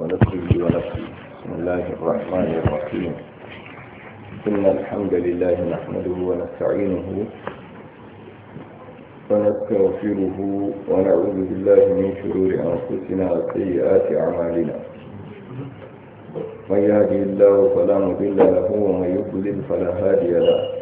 ونفسه ونفسه بسم الله الرحمن الرحيم إن الحمد لله نحمده ونستعينه ونستغفره ونعوذ بالله من شرور أنفسنا وسيئات أعمالنا من يهدي الله فلا مضل له ومن يضلل فلا هادي له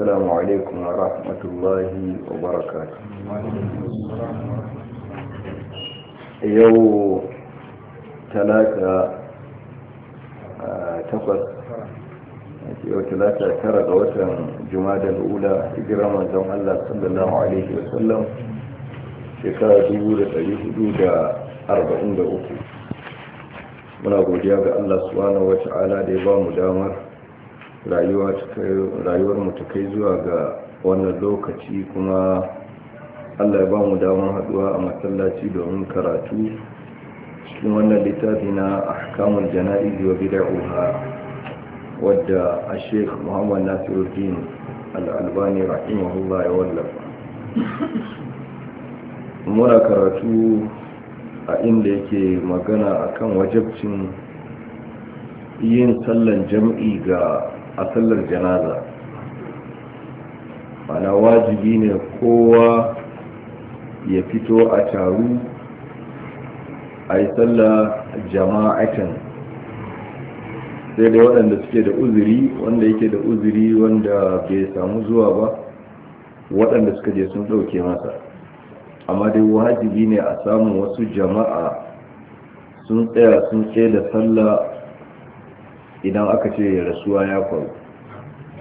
السلام عليكم ورحمة الله وبركاته يو ثلاثة آه، تقص يو ثلاثة ترى غوثا جماد الأولى إجرام زم الله صلى الله عليه وسلم شكرا دولة لحدود أربعين دقيقة من أبو ga الله سبحانه وتعالى da ya ba rayuwar mu kai zuwa ga wannan lokaci kuma allah ya ba mu damar haduwa a masallaci domin karatu cikin wannan littafi na ahkamul jana'iz wa wadda a sheikh muhammad nasiruddin al'albani rahimahullah ya wallafa muna karatu a inda yake magana akan wajabcin yin sallan jam'i ga a sallar janaza mana wajibi ne kowa ya fito a taru a yi sallah jama'atan sai dai waɗanda suke da uzuri wanda yake da uzuri wanda bai samu zuwa ba waɗanda suka je sun ɗauke masa amma dai wajibi ne a samun wasu jama'a sun tsaya sun tsaye da sallah idan aka ce rasuwa ya faru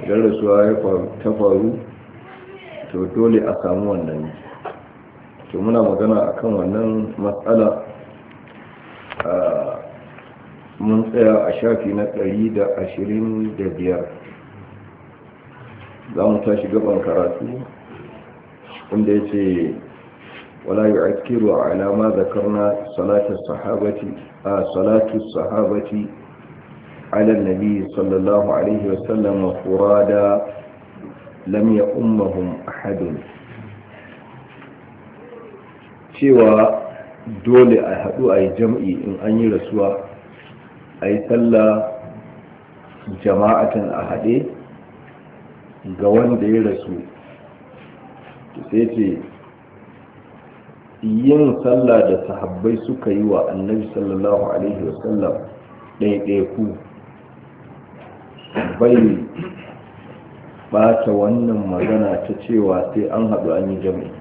idan rasuwa ya ta faru to dole a samu wannan to muna magana a kan wannan matsala mun tsaya a shafi na ɗari da ashirin da biyar za mu tashi gaban karatu inda ya ce wala yi akiru a alama zakarna salatu sahabati على النبي صلى الله عليه وسلم فرادا لم يؤمهم cewa dole a haɗu a yi jam'i in an yi rasuwa a yi tsalla jama'atan a haɗe ga wanda ya rasu sai yin sallah da sahabbai suka yi wa annabi sallallahu alaihi wasallam ɗaiɗaiku bai bata wannan magana ta cewa sai an haɗu an yi jami'i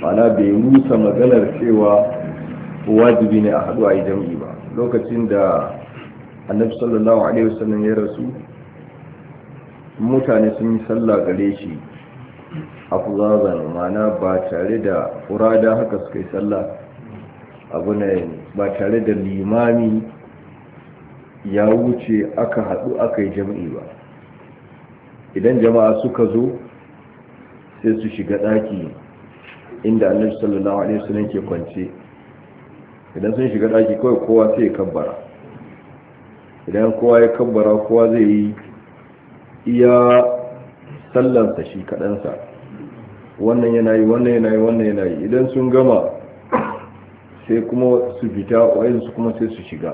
mana bai rusa maganar cewa wajibi ne a haɗu a yi jami'i ba lokacin da annabi sallallahu alaihi wasallam ya rasu mutane sun yi sallah gare shi a fuzazan mana ba tare da furada haka suka yi sallah abu ne ba tare da limami ya wuce aka haɗu aka yi jami'i ba idan jama'a suka zo sai su shiga ɗaki inda annabi sallallahu alaihi wasallam ke kwance idan sun shiga ɗaki kawai kowa sai ya kabbara idan kowa ya kabbara kowa zai yi iya sallansa shi kaɗansa wannan yana yi wannan yana yi wannan yana yi idan sun gama sai kuma su fita su kuma sai su shiga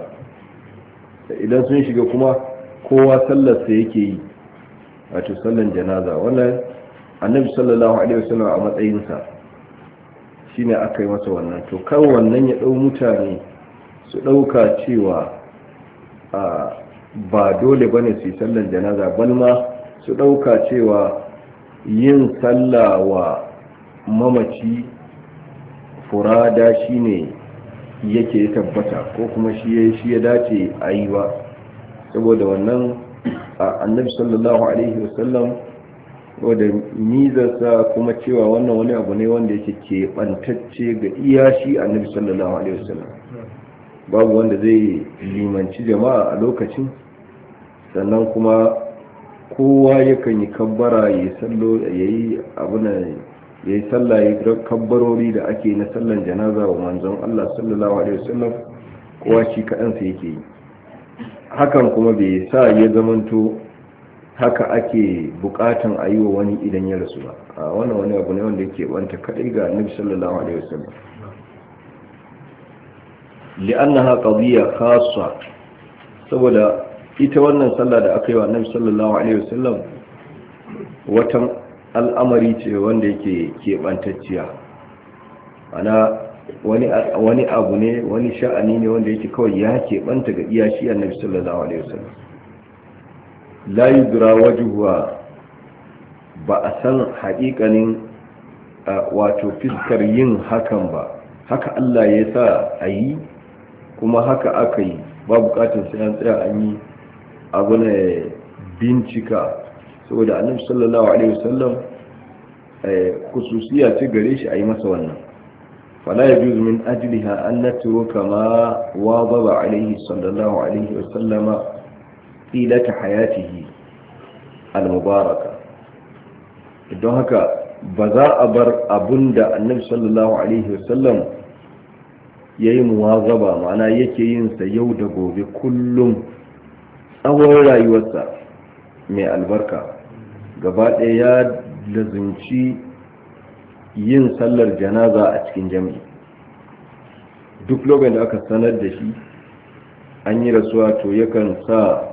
idan sun shiga kuma kowa sallarsa yake yi wato sallan janaza wannan annabi sallallahu alaihi wasallam a matsayinsa shine aka yi masa wannan to kan wannan ya dau mutane su dauka cewa ba dole bane su yi sallan janaza balma su dauka cewa yin sallah wa mamaci furada shine yake tabbata ko kuma shi ya dace a yi ba saboda wannan annabi sallallahu alaihi wasallam wadda nizarsa kuma cewa wannan wani abu ne wanda yake keɓantacce ga iya shi annabi sallallahu alaihi wasallam babu wanda zai limanci jama'a a lokacin sannan kuma kowa yakan yi kabbara ya yi sallo ya yi ya yi sallah ya kabbarori da ake na sallan janaza wa manzon Allah sallallahu alaihi wasallam kowa shi kaɗansa yake yi hakan kuma bai sa ya zamanto haka ake bukatan a yi wa wani idan ya rasu ba a wannan wani abu ne wanda yake wanta kaɗai ga annabi sallallahu alaihi wasallam ha qadiyya khassa saboda ita wannan sallah da aka yi wa annabi sallallahu alaihi wasallam watan al'amari ce wanda yake keɓantacciya ana wani abu ne wani sha'ani ne wanda yake kawai ya keɓanta ga iya shi annabi sallallahu alaihi wasallam la yudra wajhuha ba a san haƙiƙanin wato fiskar yin hakan ba haka Allah ya sa a yi kuma haka aka yi ba bukatun sai an tsaya an yi abu na bincika saboda annabi sallallahu alaihi wasallam eh, khususiya ce gare shi a yi masa wannan fala ya juzu min ajliha an natruka ma wadaba alaihi sallallahu alaihi wasallam qilata hayatihi al-mubaraka don haka ba za a bar abun da annabi sallallahu alaihi wasallam ya yi muwazaba ma'ana yake yinsa yau da gobe kullum tsawon rayuwarsa mai albarka gaba ɗaya ya lazunci yin sallar janaza a cikin jami'i duk lokacin da aka sanar da shi an yi rasuwa to yakan sa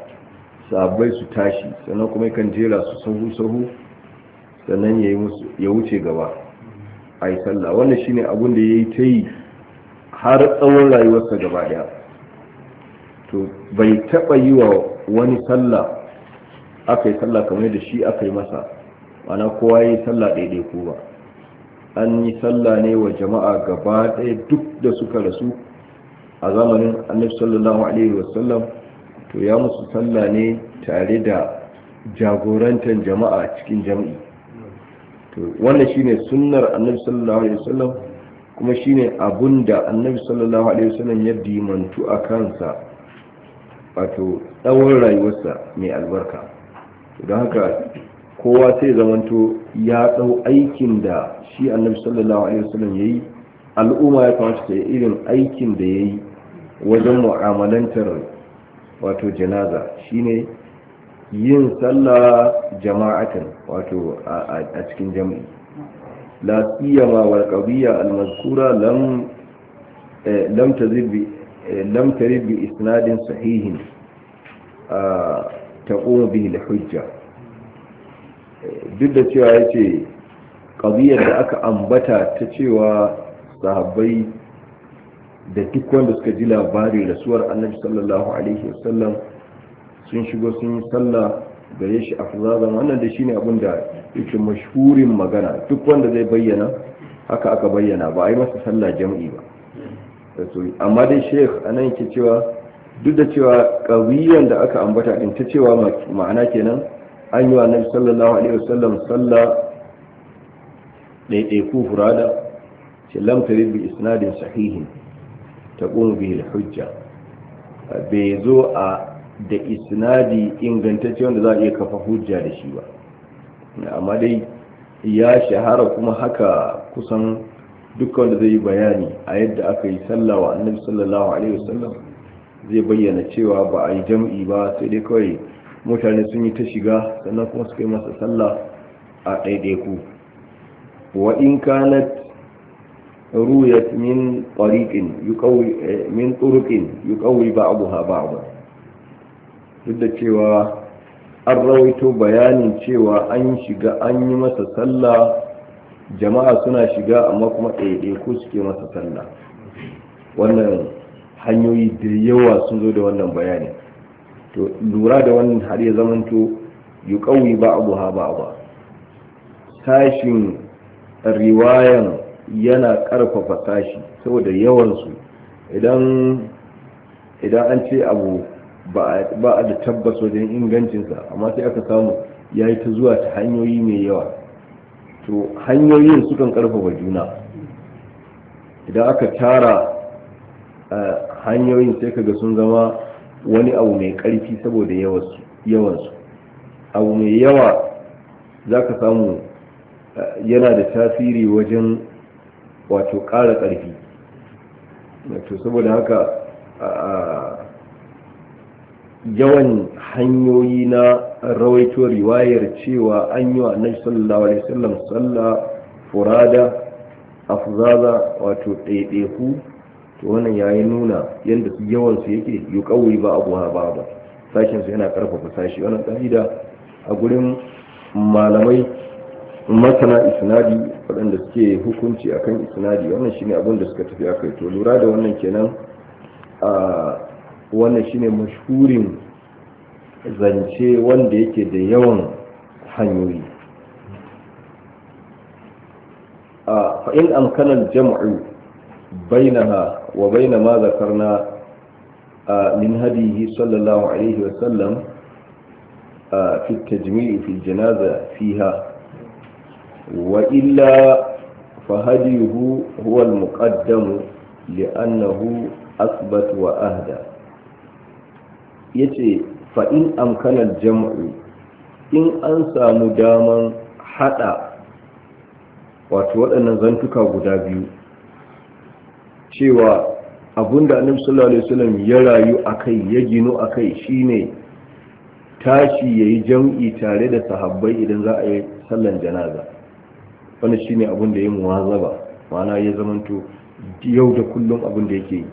sabai su tashi sannan kuma yakan jera su sahu-sahu sannan ya wuce gaba a yi sallah wannan shine abin da ya yi ta yi har tsawon rayuwarsa gaba ɗaya to bai taɓa yi wa wani sallah aka yi sallah kamar da shi aka yi masa ana kowa yi sallah daidai ko ba an yi sallah ne wa jama'a gaba ɗaya duk da suka rasu a zamanin annabi sallallahu alaihi wasallam to ya musu sallah ne tare da jagorantar jama'a cikin jami'i to wannan shine sunnar annabi sallallahu alaihi wasallam kuma shine abunda annabi sallallahu alaihi wasallam ya dimantu a kansa wato tsawon rayuwarsa mai albarka don haka kowa sai zamanto ya ɗau aikin da shi annabi sallallahu alaihi wasallam ya yi al'umma ya kamata ta yi irin aikin da ya yi wajen mu'amalantar wato janaza shine yin sallah jama'atan wato a cikin jami'i la siyama wal qadiyya al mazkura lam eh, eh, bi isnadin sahihin ah, تقوم به الحجة hujja duk da cewa yace أنبتا da aka ambata ta cewa sahabai da duk wanda suka ji labarin rasuwar annabi sallallahu alaihi wasallam sun shigo sun yi sallah gare shi a afzazan wannan da shine abun da yake mashhurin magana duk wanda zai bayyana haka aka bayyana ba a yi masa sallah jam'i ba amma dai sheikh anan yake cewa duk da cewa ƙawiyan da aka ambata din ta cewa ma'ana kenan an yi wa annabi sallallahu alaihi wasallam sallah ku furada ce lamtari bi isnadin sahihin ta ƙun bi hujja bai zo a da isnadi ingantacce wanda za a iya kafa hujja da shi ba amma dai ya shahara kuma haka kusan dukkan da zai yi bayani a yadda aka yi sallawa annabi sallallahu alaihi wasallam zai bayyana cewa ba a yi jam'i ba sai dai kawai mutane sun yi ta shiga sannan kuma suka yi masa sallah a ɗaiɗaiku wa in kanat ruyat min tariqin yuqawi eh, min abu yuqawi ba'daha ba'da duk da cewa an rawaito bayanin cewa an shiga an yi masa sallah jama'a suna shiga amma kuma ɗaiɗaiku suke masa sallah wannan hanyoyi da yawa sun zo da wannan bayani to lura da wannan har ya zamanto yi kawai ba abu ha ba ba sashin riwayan yana karfafa sashi saboda yawansu idan idan an ce abu ba a da tabbas wajen ingancinsa amma sai aka samu ya yi ta zuwa ta hanyoyi mai yawa to hanyoyin sukan ƙarfafa juna idan aka tara hanyoyin sai kaga sun zama wani abu mai karfi saboda yawansu abu mai yawa za ka samu yana da tasiri wajen wato ƙara ƙarfi wato saboda haka yawan hanyoyi na rawaito riwayar cewa an yi wa annabi sallallahu alaihi wasallam sallah furada afzaza wato ɗaiɗaiku to wannan yayi nuna yadda su yawan su yake kawai ba abu ha ba ba su yana karfafa sashi wannan kaida a gurin malamai masana isnadi waɗanda suke hukunci akan isnadi wannan shine abin da suka tafi akai to lura da wannan kenan a wannan shine mashhurin zance wanda yake da yawan hanyoyi fa'in amkanar jam'u bainaha وبين ما ذكرنا من هديه صلى الله عليه وسلم في التجميع في الجنازة فيها وإلا فهديه هو المقدم لأنه أثبت وأهدى yace fa in amkanar jam'u in an samu daman hada wato waɗannan zantuka guda biyu cewa abinda annabi sallallahu alaihi wasallam ya rayu akai ya ginu akai shine tashi yayi jam'i tare da sahabbai idan za a yi sallan janaza wannan shine abin da ya muwazaba ma'ana ya zamanto yau da kullum abin da yake yi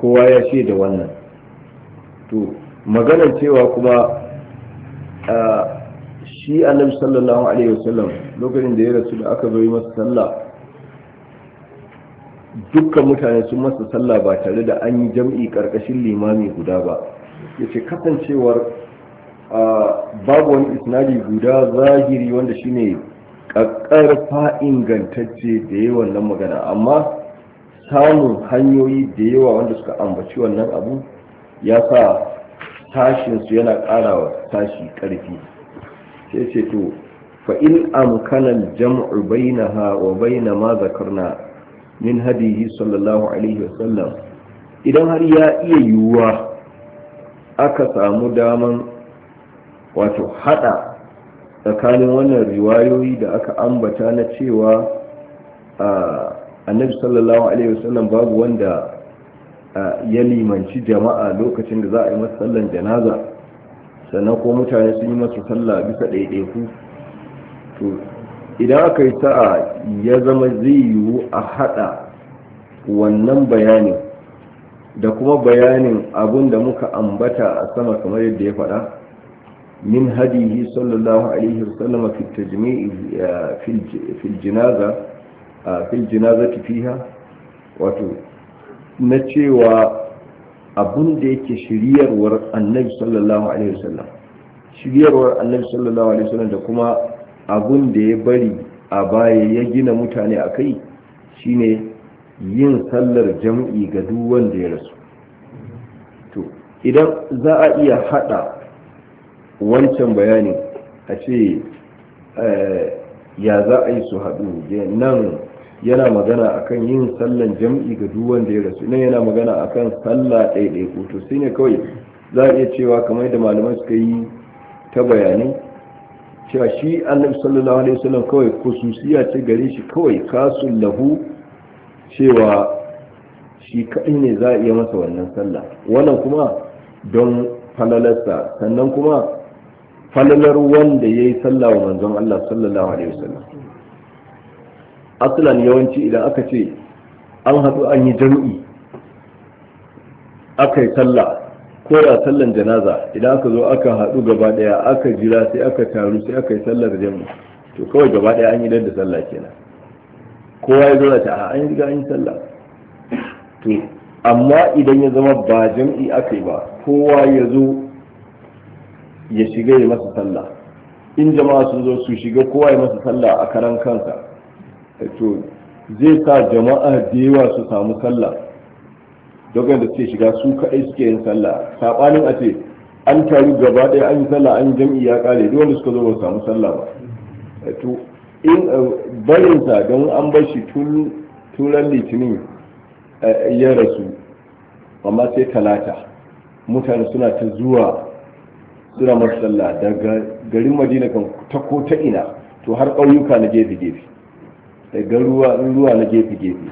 kowa ya ce da wannan to maganar cewa kuma shi annabi sallallahu alaihi wasallam lokacin da ya rasu da aka zo yi masa sallah dukkan mutane sun masa sallah ba tare da an yi jam'i karkashin limami guda ba ya ce kasancewar babu wani isnadi guda zahiri wanda shine kakkarfa gantacce da yi wannan magana amma samun hanyoyi da yawa wanda suka ambaci wannan abu ya sa tashinsu yana karawa tashi karfi sai ce to fa'il amkanan jam'u wa baina ma zakarna min hadihi sallallahu alaihi wasallam idan har ya iya yiwuwa aka samu daman wato hada tsakanin wannan riwayoyi da aka ambata na cewa annabi sallallahu alaihi wasallam babu wanda ya limanci jama'a lokacin da za a yi masa sallan janaza sannan ko mutane sun yi masa sallah bisa ɗaiɗaiku ku. idan aka yi sa'a ya zama zai yiwu a hada wannan bayanin da kuma bayanin abun da muka ambata a sama kamar yadda ya faɗa min hadihi sallallahu alaihi wasallam fi tajmi'i fi jinaza fi jinazati fiha wato na cewa abun da yake shiryarwar annabi sallallahu alaihi wasallam shiryarwar annabi sallallahu alaihi wasallam da kuma abun da ya bari a baya ya gina mutane a kai shi ne yin sallar jam'i ga duwan da ya rasu to idan za a iya haɗa wancan bayanin a ce eh, ya za a yi su haɗu nan yana magana akan yin sallar jam'i ga duwan da ya rasu nan yana magana akan salla ɗaiɗaiku to sai ne kawai za a iya cewa kamar da malamai suka yi ta bayanai cewa shi annabi sallallahu alaihi wasallam kawai kususiya ce gare shi kawai kasul lahu cewa shi kaɗai ne za a iya masa wannan sallah wannan kuma don falalarsa sannan kuma falalar wanda ya yi sallah wa manzon Allah sallallahu alaihi wasallam aslan yawanci idan aka ce an haɗu an yi jam'i aka yi sallah ko da sallan janaza idan aka zo aka haɗu gaba ɗaya aka jira sai aka taru sai aka yi sallar jam'i to kawai gaba ɗaya an yi da sallah kenan kowa ya zo ta a an yi riga an yi sallah to amma idan ya zama ba jam'i aka yi ba kowa ya zo ya shiga ya masa sallah in jama'a sun zo su shiga kowa ya masa sallah a karan kansa to zai sa jama'a da yawa su samu sallah dogon da suke shiga su kaɗai suke yin sallah saɓanin a ce an taru gaba ɗaya an yi sallah an jam'i ya ƙare duk wanda suka zo ba samu sallah ba to in eh, sa don an bar shi tun turan litinin eh, ya rasu amma sai talata mutane suna ta zuwa suna sallah, daga garin madina kan ta ko ta ina to har ƙauyuka na gefe gefe da garuwa ruwa na gefe gefe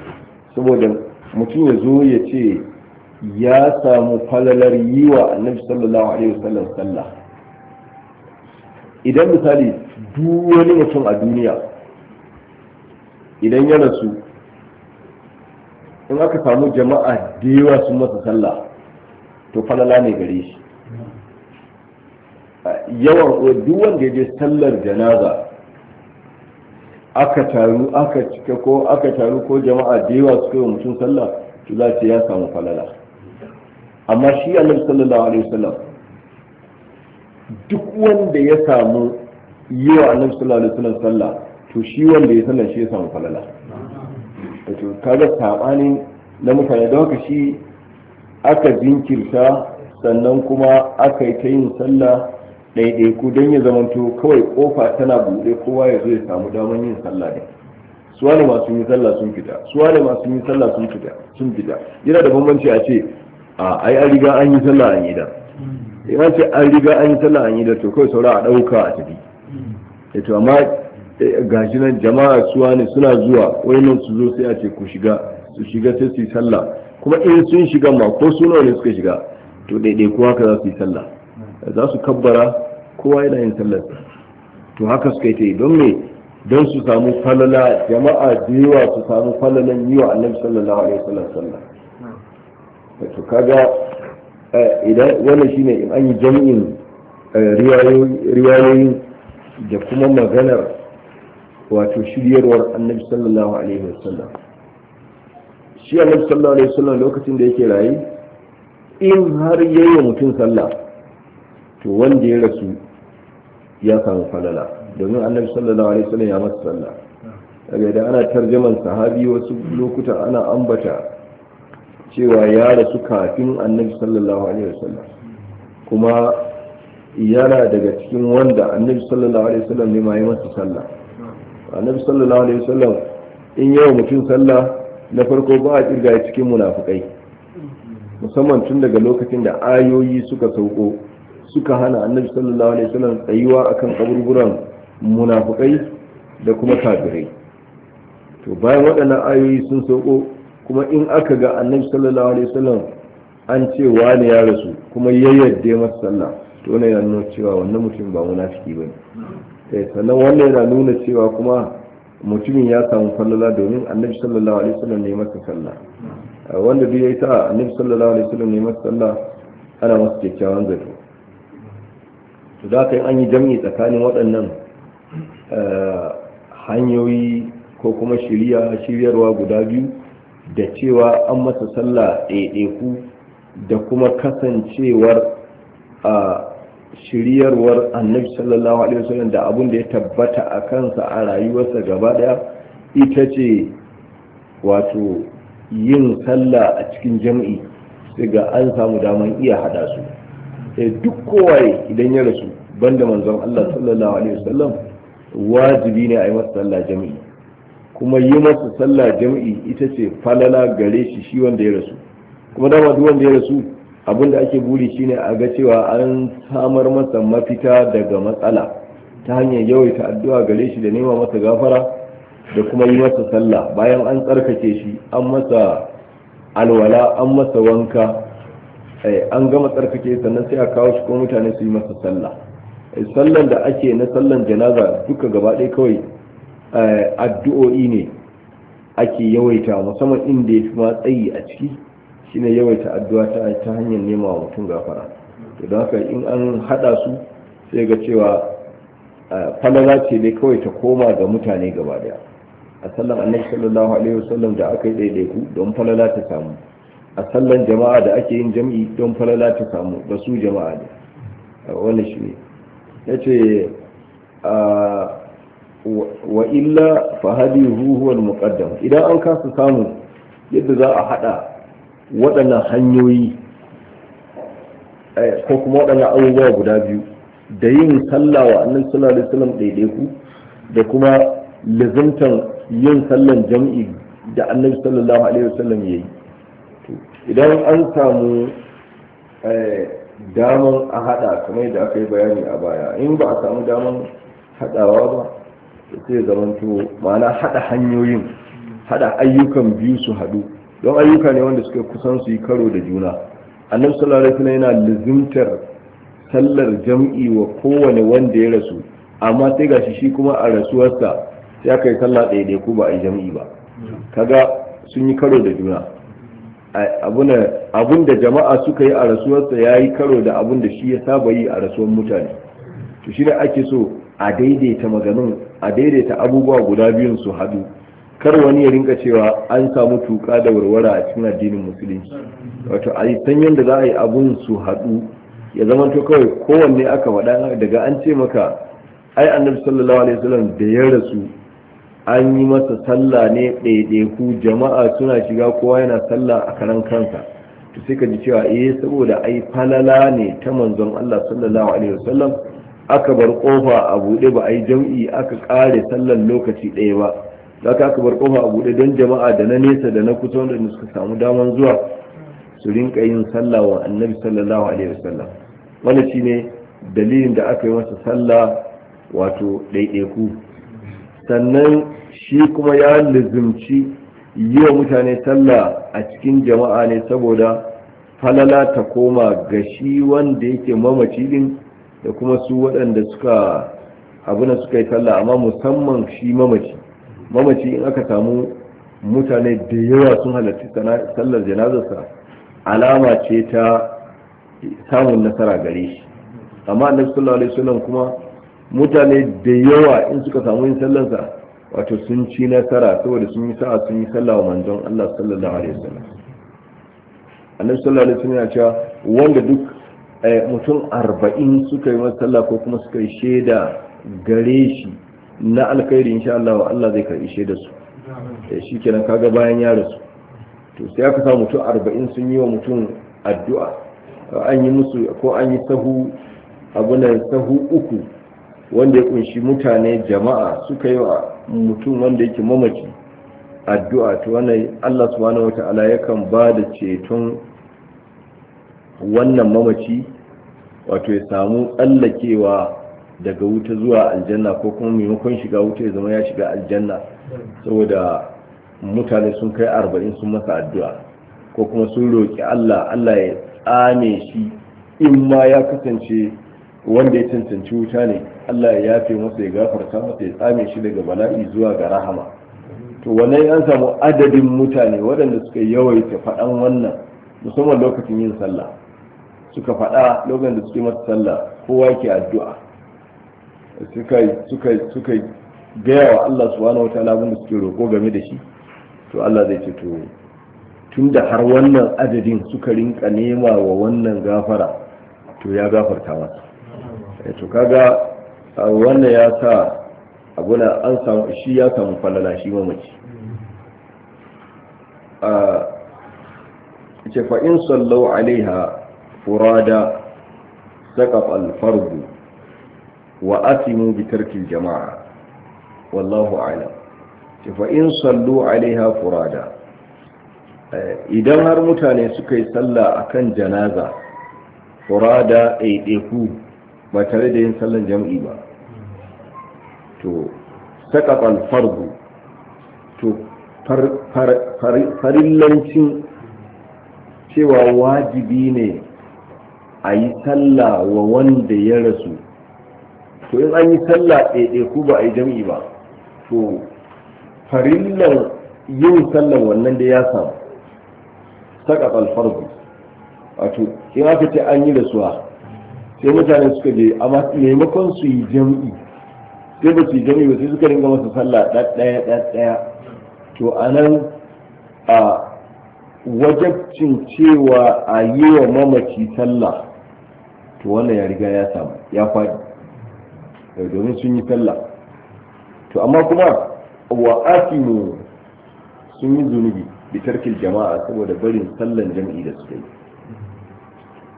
saboda mutum ya zo ya ce ya samu falalar yi wa annabi sallallahu alaihi wasallam sallah idan misali duk mutum a duniya idan yana su in aka samu jama'a da yawa sun masa sallah to falala ne gare shi yawan duk wanda ya je sallar janaza aka taru aka cika ko aka taru ko jama'a da yawa suka yi mutum sallah to za ta ya samu falala amma shi annabi sallallahu alaihi wasallam duk wanda ya samu yi wa annabi sallallahu alaihi wasallam sallah to shi wanda ya sallah shi ya samu falala to kaga sabani na mutane don haka shi aka jinkirta sannan kuma aka yi ta yin sallah ɗaiɗaiku don ya zamanto kawai kofa tana buɗe kowa ya zo ya samu damar yin sallah ne su wane masu yi sallah sun fita su wane masu yi sallah sun fita sun fita yana da bambanci a ce a ai an riga an yi sallah an yi da yana ce an riga an yi sallah an yi da to kawai saura a ɗauka a tafi ya e, to amma e, gashi nan jama'a su wane suna zuwa nan su zo sai a ce ku shiga su shiga sai su yi sallah kuma in sun shiga ma ko su nawa ne suka shiga to ɗaiɗaiku haka za su yi sallah za su kabbara kowa yana yin sallar to haka suka yi ta yi don me don su samu falala jama'a da yawa su samu falalan yi wa annabi sallallahu alaihi wasallam sallah to kaga eh, idan wannan shine in an yi jami'in eh, riwayoyin da kuma maganar wato shiryarwar annabi sallallahu alaihi wasallam shi annabi sallallahu alaihi wasallam lokacin da yake rayu in har yayi mutum sallah to wanda ya rasu ya samu falala domin annabi sallallahu alaihi wasallam ya masa sallah daga idan ana tarjaman sahabi wasu lokuta ana ambata cewa ya rasu kafin annabi sallallahu alaihi wasallam kuma yana daga cikin wanda annabi sallallahu alaihi wasallam ne ma ya masa sallah annabi sallallahu alaihi wasallam in yawa mutum sallah na farko ba a kirga cikin munafukai musamman tun daga lokacin da ayoyi suka sauko suka hana annabi sallallahu alaihi wasallam tsayuwa akan kaburburan munafikai da kuma kafirai to bayan waɗannan ayoyi sun sauko kuma in aka ga annabi sallallahu alaihi wasallam an ce wani ya rasu kuma ya yarda masa sallah to ne yana nuna cewa wannan mutum ba munafiki bane eh sannan wannan yana nuna cewa kuma mutumin ya samu fallala domin annabi sallallahu alaihi wasallam ne masa sallah eh, wanda bai yi ta annabi sallallahu alaihi wasallam ne masa sallah ana masa kyakkyawan zato to da kai an yi jam'i tsakanin waɗannan eh, hanyoyi ko kuma shirya shiryarwa guda biyu da cewa an masa sallah ɗaiɗaiku da kuma kasancewar a shiryarwar annabi sallallahu alaihi wasallam da abin da ya tabbata a kansa a rayuwarsa gaba ɗaya, ita ce wato yin sallah a cikin jami'i, sai ga an samu daman iya hada su sai eh, duk kowaye idan ya rasu banda manzon Allah sallallahu alaihi wasallam wajibi ne a yi masa sallah jami'i kuma yi masa sallah jami'i ita ce falala gare shi shi wanda ya rasu kuma dama duk wanda ya rasu abin da ake buri shine a ga cewa an samar masa mafita daga matsala ta hanyar yawaita addu'a gare shi da nema masa gafara da kuma yi masa sallah bayan an tsarkake shi an masa alwala an masa wanka Eh, an gama tsarkake sannan sai a kawo shi ko mutane su yi masa sallah eh, sallan da ake na sallan janaza duka gaba ɗaya kawai eh, addu'o'i ne ake yawaita musamman inda ya fi matsayi a ciki shine yawaita addu'a ta hanyar nema wa mutum gafara idan haka in an haɗa su sai ga cewa falala ce dai kawai ta koma ga mutane gaba ɗaya a sallan annabi sallallahu alaihi wasallam da aka yi daidaiku don falala ta samu a sallan jama'a da ake yin jam'i don falala ta samu da su jama'a ne wani shi ne ya ce wa illa fahadi ruhuwar muƙaddam idan an kasa samu yadda za a haɗa waɗannan hanyoyi eh, ko kuma waɗannan abubuwa guda biyu da yin sallah wa annan sallallahu ɗaiɗaiku da kuma lizimtan yin sallan jam'i da annabi sallallahu alaihi wasallam yayi idan an samu eh, daman a hada kamar da aka yi bayani a baya in ba a samu damar hadawa ba sai zamanto ma'ana hada hanyoyin hada ayyukan biyu su hadu don ayyuka ne wanda suka kusan su yi karo da juna annabi sallallahu alaihi yana lazimtar sallar jam'i wa kowane wanda ya rasu amma sai ga shi kuma a rasuwarsa sai aka yi sallah ɗaiɗaiku ba a yi jam'i ba kaga sun yi karo da juna abun da jama'a suka yi a rasuwarsa ya yi karo da abun da shi ya saba yi a rasuwar mutane to shi ne ake so a daidaita maganin a daidaita abubuwa guda biyun su haɗu kar wani ya rinka cewa an samu tuka da warware a cikin addinin musulunci wato a yi san yadda za a yi abun su haɗu ya zama to kawai kowanne aka faɗa daga an ce maka ai annabi sallallahu alaihi wasallam da ya rasu an yi masa sallah ne ɗaiɗaiku jama'a suna shiga kowa yana sallah a karan kansa to sai ka ji cewa eh saboda ai falala ne ta manzon Allah sallallahu alaihi wasallam aka bar kofa a bude ba ai jam'i aka kare sallan lokaci ɗaya ba zaka aka bar kofa a bude don jama'a da na nesa da na kusa wanda suka samu daman zuwa su rinka yin sallah wa annabi sallallahu alaihi wasallam wannan shine dalilin da aka yi masa sallah wato ɗaiɗaiku sannan shi kuma ya lizimci yi wa mutane sallah a cikin jama'a ne saboda falala ta koma ga shi wanda yake mamaci din da kuma su waɗanda suka abuna suka yi talla amma musamman shi mamaci mamaci in aka samu mutane da yawa sun halarci sallar janazarsa alama ce ta samun nasara gare shi amma annabi sallallahu alaihi wasallam kuma mutane da yawa in suka samu yin sallansa wato sun ci nasara saboda sun yi sa'a sun yi sallah wa manzon Allah sallallahu alaihi wasallam annabi sallallahu alaihi wasallam ya cewa wanda duk eh, mutum arba'in suka yi masa sallah ko kuma suka yi shaida gare shi na alkhairi insha Allah wa Allah zai karbi shaida su eh, shi kenan kaga bayan ya rasu to sai aka samu mutum arba'in sun yi wa mutum addu'a an yi musu ko an yi sahu abuna sahu uku wanda ya kunshi mutane jama'a suka yi wa mutum wanda yake mamaci addu'a ta wannan Allah subhanahu wata'ala yakan ba da ceton wannan mamaci wato ya samu tsallakewa daga wuta zuwa aljanna ko kuma maimakon shiga wuta ya zama ya shiga aljanna saboda mutane sun kai arba'in sun masa addu'a ko kuma sun roƙi Allah Allah ya tsame shi in ma ya kasance wanda ya cancanci wuta ne Allah ya yafe masa ya gafarta masa ya tsame shi daga bala'i zuwa ga rahama to wanne an samu adadin mutane waɗanda suka yawaita faɗan wannan musamman lokacin yin sallah suka faɗa lokacin da suke masa sallah kowa ke addu'a suka suka suka gaya wa Allah subhanahu wataala abin da suke roƙo game da shi to Allah zai ce to tun da har wannan adadin suka rinka nema wa wannan gafara to ya gafarta masa eh, to kaga wannan ya sa abuna an samu shi ya samu falala shi mamaci a ce fa'in sallau alaiha furada saƙaf alfargu wa asimu bitarkin jama'a wallahu alam ce fa'in sallu alaiha furada eh, idan har mutane suka yi sallah akan janaza furada ɗaiɗaiku ba tare da yin sallan jam'i ba to saƙaƙon fardu to farillancin cewa wajibi ne a yi sallah wa wanda ya rasu to in an yi sallah ɗaiɗe ku ba a yi jam'i ba to farillan yin sallan wannan da ya samu saƙaƙon fardu wato in aka ce an yi rasuwa sai mutane suka je amma maimakon su yi jam'i sai ba su yi jam'i ba sai suka ringa masa sallah ɗaya ɗaya to a nan a wajabcin cewa a yi wa mamaci sallah to wannan ya riga ya samu ya faɗi eh, domin sun yi sallah to amma kuma wa asimu sun yi zunubi bitarkin jama'a saboda barin sallan jam'i da suka yi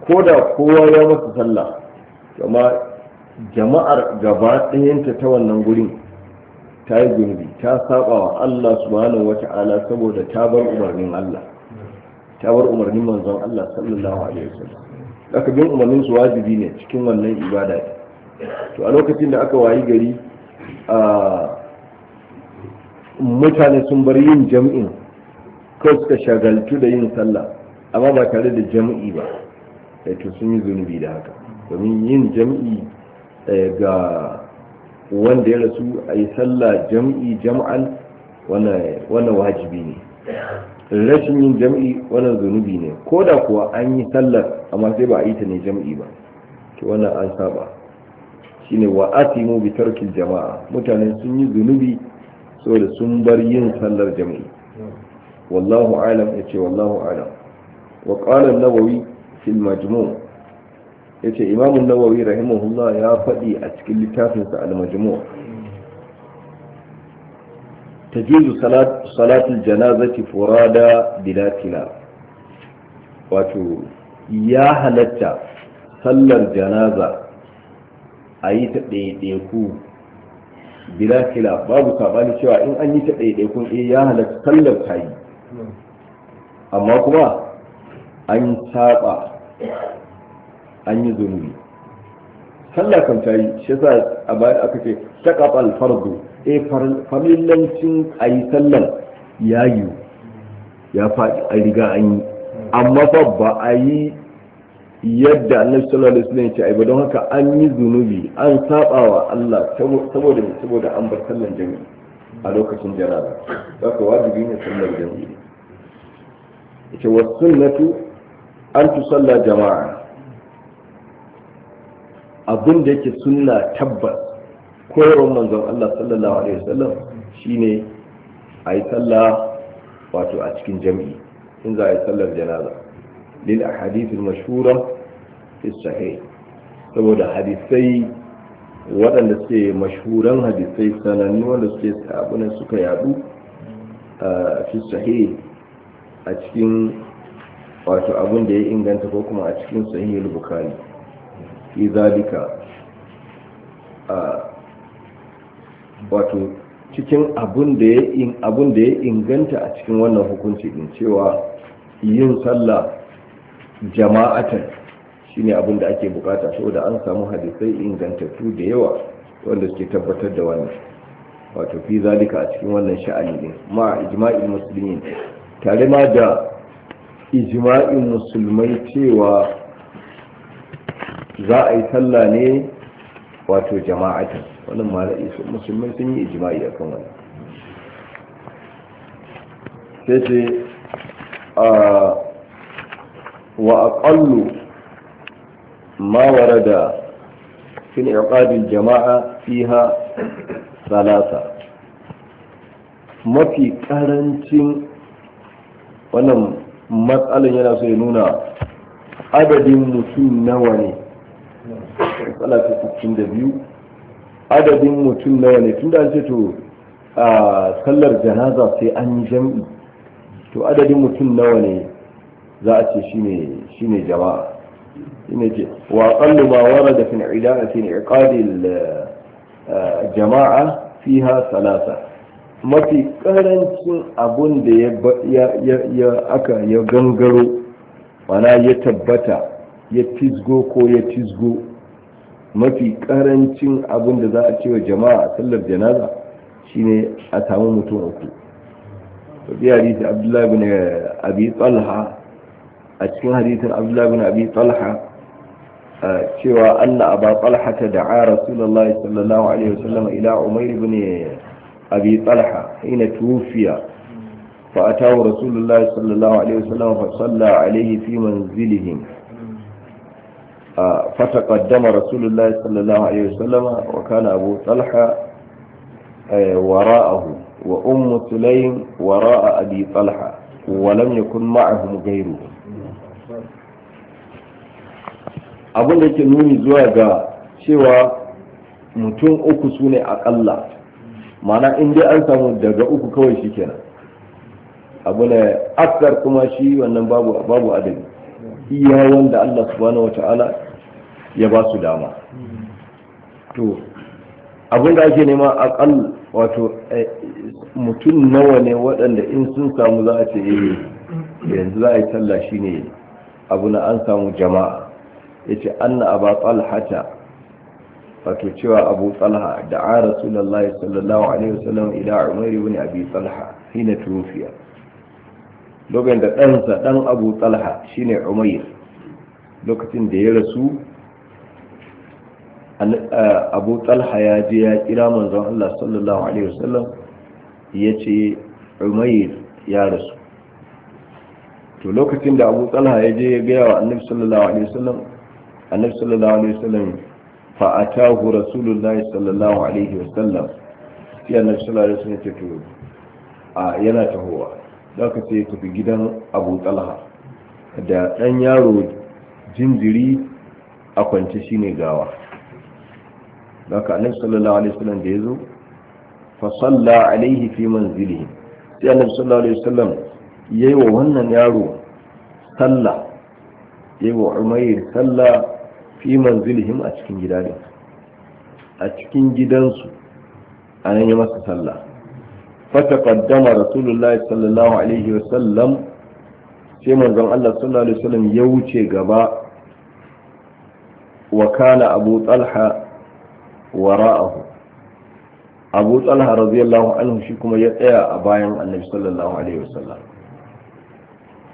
ko da kowa ya masa sallah kuma jama'ar gaba ɗayanta ta wannan gurin ta yi gurbi ta saba wa Allah subhanahu wata'ala saboda ta bar umarnin Allah ta bar umarnin manzon Allah sallallahu alaihi wasallam aka bin umarnin su wajibi ne cikin wannan ibada to a lokacin da aka wayi gari a mutane sun bar yin jam'in ko suka shagaltu da yin sallah amma ba tare da jam'i ba Eh, to sun yi zunubi da haka domin yin jam'i eh, ga wanda ya rasu a yi sallah jam'i jam'an wannan wajibi ne rashin yin jam'i wannan zunubi ne ko da kuwa an yi sallar amma sai ba a yi ta ne jam'i ba to wannan an saba shine wa asimu bi tarkin jama'a mutane sun yi zunubi da sun bar yin sallar jam'i wallahu alam yace wallahu alam wa qala an-nawawi fil majmu yace imam an-nawawi rahimahullah ya faɗi a cikin Littafinsa, sa al-majmu tajuzu salat salatul janazati furada bila wato ya halatta sallar janaza a yi ta ɗaiɗaiku bila babu saɓani cewa in an yi ta ɗaiɗaikun eh ya halatta sallar ta yi amma kuma an saɓa an yi zunubi sallah kan ta yi shi yasa a baya aka ce taqat al fardu eh a ayi sallar ya yi ya faɗi a riga an yi amma fa ba a yi yadda annabi sallallahu alaihi wasallam ya ce ai ba don haka an yi zunubi an saba wa Allah saboda saboda an bar sallar jami'i a lokacin jana'a ka wajibi ne sallar jami'i ita was sunnatu an tusalla jama'a abin da yake sunna tabbas koyarwar manzon Allah sallallahu alaihi wasallam shine a yi sallah wato a cikin jam'i in za a yi sallar janaza lil ahadithul mashhura fi sahih saboda hadisai waɗanda suke mashuran hadisai sanannu wanda suke sabunan suka yadu a ah, fi sahih a cikin wato abin da ya inganta ko kuma a cikin sahihul bukhari fi zalika a wato cikin abin da ya in abin da ya inganta a cikin wannan hukunci din cewa yin sallah jama'atan shine abin da ake bukata saboda an samu hadisai ingantattu da yawa wanda suke tabbatar da wannan wato fi zalika a cikin wannan sha'ani din ma ijma'il muslimin tare ma da ijma'in musulmai cewa za a yi sallah ne wato jama'atan wannan mala'i musulmai sun yi ijma'i akan wannan sai ce wa aqallu ma warada في انعقاد الجماعة jama'a fiha salasa mafi كارنتين wannan matsalan yana so ya nuna adadin mutum nawa ne matsala ta biyu adadin mutum nawa ne tunda an ce to a sallar janaza sai an yi jam'i to adadin mutum nawa ne za a ce shi ne jama'a shine ce wa qallu ma warada da al-ilaati iqadi al-jama'a fiha salasa. mafi karancin abun da ya aka ya gangaro mana ya tabbata ya fisgo ko ya tizgo mafi karancin abun da za a cewa jama'a a sallar janaza shine a samu mutum uku to bi hadisi abdullahi bin eh, abi talha a cikin hadisin abdullahi bin abi talha eh, cewa anna aba talha ta da'a rasulallah sallallahu alaihi wasallam ila umar bin abi talha hina tufiya fa atahu rasulullahi sallallahu alaihi wasallam fa salla alaihi fi manzilihim fa taqaddama rasulullahi sallallahu alaihi wasallam wa kana abu talha wara'ahu wa ummu sulaym wara'a abi talha wa lam yakun ma'ahum ghayruhu abun da yake nuni zuwa ga cewa mutum uku su ne akalla mana in dai an samu daga uku kawai shi kenan abu ne aksar kuma shi wannan babu babu adabi iya wanda Allah subhanahu wata'ala ya ba su dama to abin da ake nema kan wato eh, mutum nawa ne waɗanda in sun samu za a ce eh, yanzu za a yi talla shi ne abu na an samu jama'a ya ce an na abu wato cewa abu talha da a rasulallah sallallahu alaihi wasallam ila wani abu abi shi hina turufiya lokacin da ɗansa ɗan abu shi shine umair lokacin da ya rasu abu talha ya je ya kira manzon Allah sallallahu alaihi wasallam ya ce umair ya rasu to lokacin da abu talha ya je ya gaya wa annabi sallallahu alaihi wasallam annabi sallallahu alaihi wasallam fa'atahu rasulullahi sallallahu alaihi wasallam sai annabi sallallahu alaihi wasallam ya to a yana tahowa ka sai tafi gidan Abu Talha da ɗan yaro jinjiri a kwance ne gawa Za zaka annabi sallallahu alaihi wasallam da yazo fa salla alaihi fi manzilihi sai annabi sallallahu alaihi wasallam yayi wa wannan yaro sallah yayi wa Umayr sallah fi manzilihim a cikin gida ne a cikin gidansu a nan yi masa sallah fata kaddama rasulullahi sallallahu alaihi wasallam sai manzon Allah sallallahu alaihi wasallam ya wuce gaba wa kana abu talha wara'ahu abu talha radiyallahu anhu shi kuma ya tsaya a bayan annabi sallallahu alaihi wasallam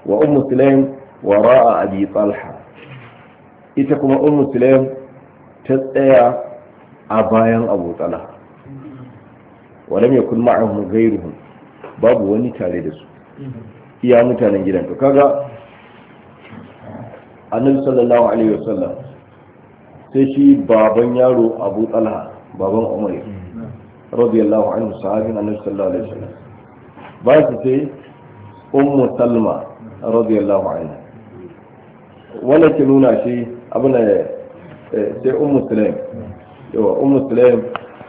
wa ummu sulaim wara'a abi talha ita kuma ummu sulaim ta tsaya a bayan abu tsala walam yakun ma'ahum gairuhun. babu wani tare da su iya mutanen gidan Ka kaga annabi sallallahu alaihi wasallam sai shi baban yaro abu tsala baban umar radiyallahu anhu sahabin annabi sallallahu alaihi wasallam ba su sai ummu salma radiyallahu anha wannan ke nuna shi abuna eh, sai ummu sulaim yawa ummu sulaim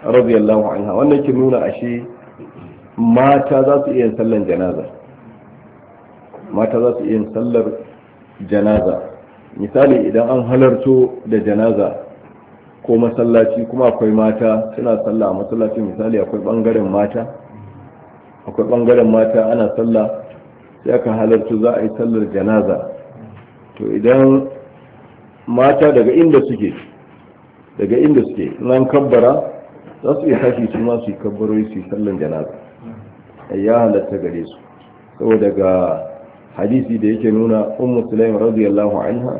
radiyallahu anha wannan ke nuna ashe mata za su iya sallan janaza mata za su iya sallar janaza misali idan an halarto da janaza ko masallaci kuma akwai mata suna salla a masallaci misali akwai bangaren mata akwai bangaren mata ana salla sai aka halarto za a yi sallar janaza to idan mata daga inda suke daga inda suke nan kabbara za su iya tashi su ma su yi kabbaro su yi sallan janaza ya halatta gare su saboda ga hadisi da yake nuna ummu sulaim radiyallahu anha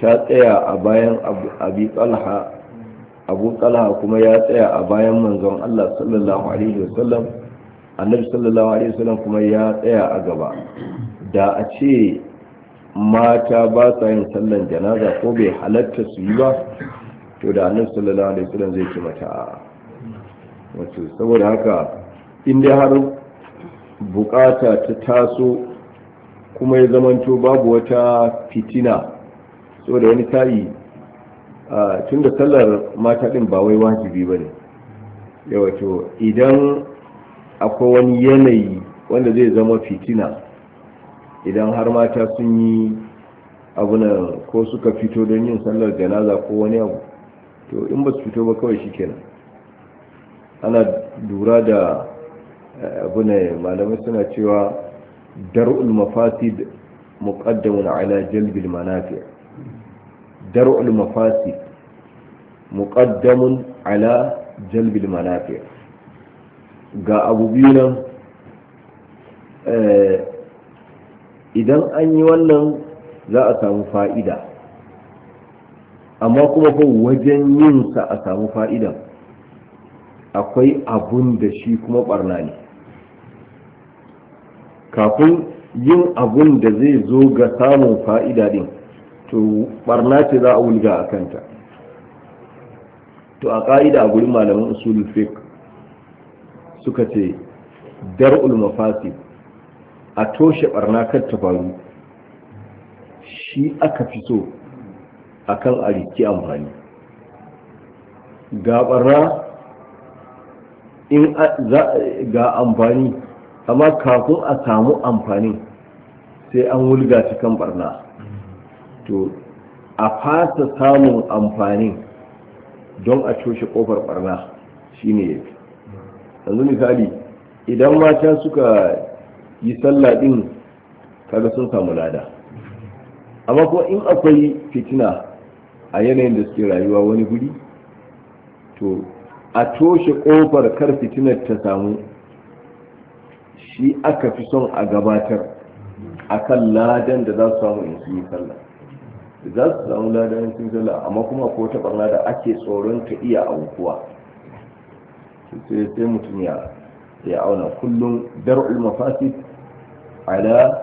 ta tsaya a bayan abi talha abu talha kuma ya tsaya a bayan manzon Allah sallallahu alaihi wasallam annabi sallallahu alaihi wasallam kuma ya tsaya a gaba da a ce mata ba sa yin sallan janaza ko bai halatta su yi ba to da annabi sallallahu alaihi wasallam zai ce mata wato saboda haka in dai har bukata ta taso kuma ya zamanto babu wata fitina saboda wani tayi da sallar mata din ba wai wajibi bane yawa to idan akwai wani yanayi wanda zai zama fitina idan har mata sun yi abuna ko suka fito don yin sallar janaza ko wani abu to in ba su fito ba kawai shikenan ana lura da eh, abuna malamai suna cewa dar'ul mafasid muqaddamun ala jalbil manafi' dar'ul mafasid muqaddamun ala jalbil manafi' ga abu biyu nan eh, idan an yi wannan za a samu fa'ida amma kuma fa wajen yinsa a samu fa'ida, akwai abun da shi kuma barna ne kafin yin abun da zai zo ga samun fa'ida din to barna ce za a wulga a kanta to a ƙa'ida a gurin Malamin usulun Fik suka ce dar'ul mafasi a toshe barna kan ta shi aka fi so a kan a riki amfani ga barna in ga amfani amma kafin a samu amfanin sai an wulga cikin kan barna to a fasa samun amfanin don a toshe kofar barna shi ne yanzu misali idan mata suka yi sallah din kaga sun samu lada amma kuma in akwai fitina a yanayin da suke rayuwa wani guri to a toshe kofar kar fitinar ta samu shi aka fi son a gabatar a kan ladan da za su samu in sun yi sallah za su samu ladan sun yi sallah amma kuma ko ta barna da ake tsoron ta iya aukuwa sai mutum ya auna kullum dar'ul mafasid على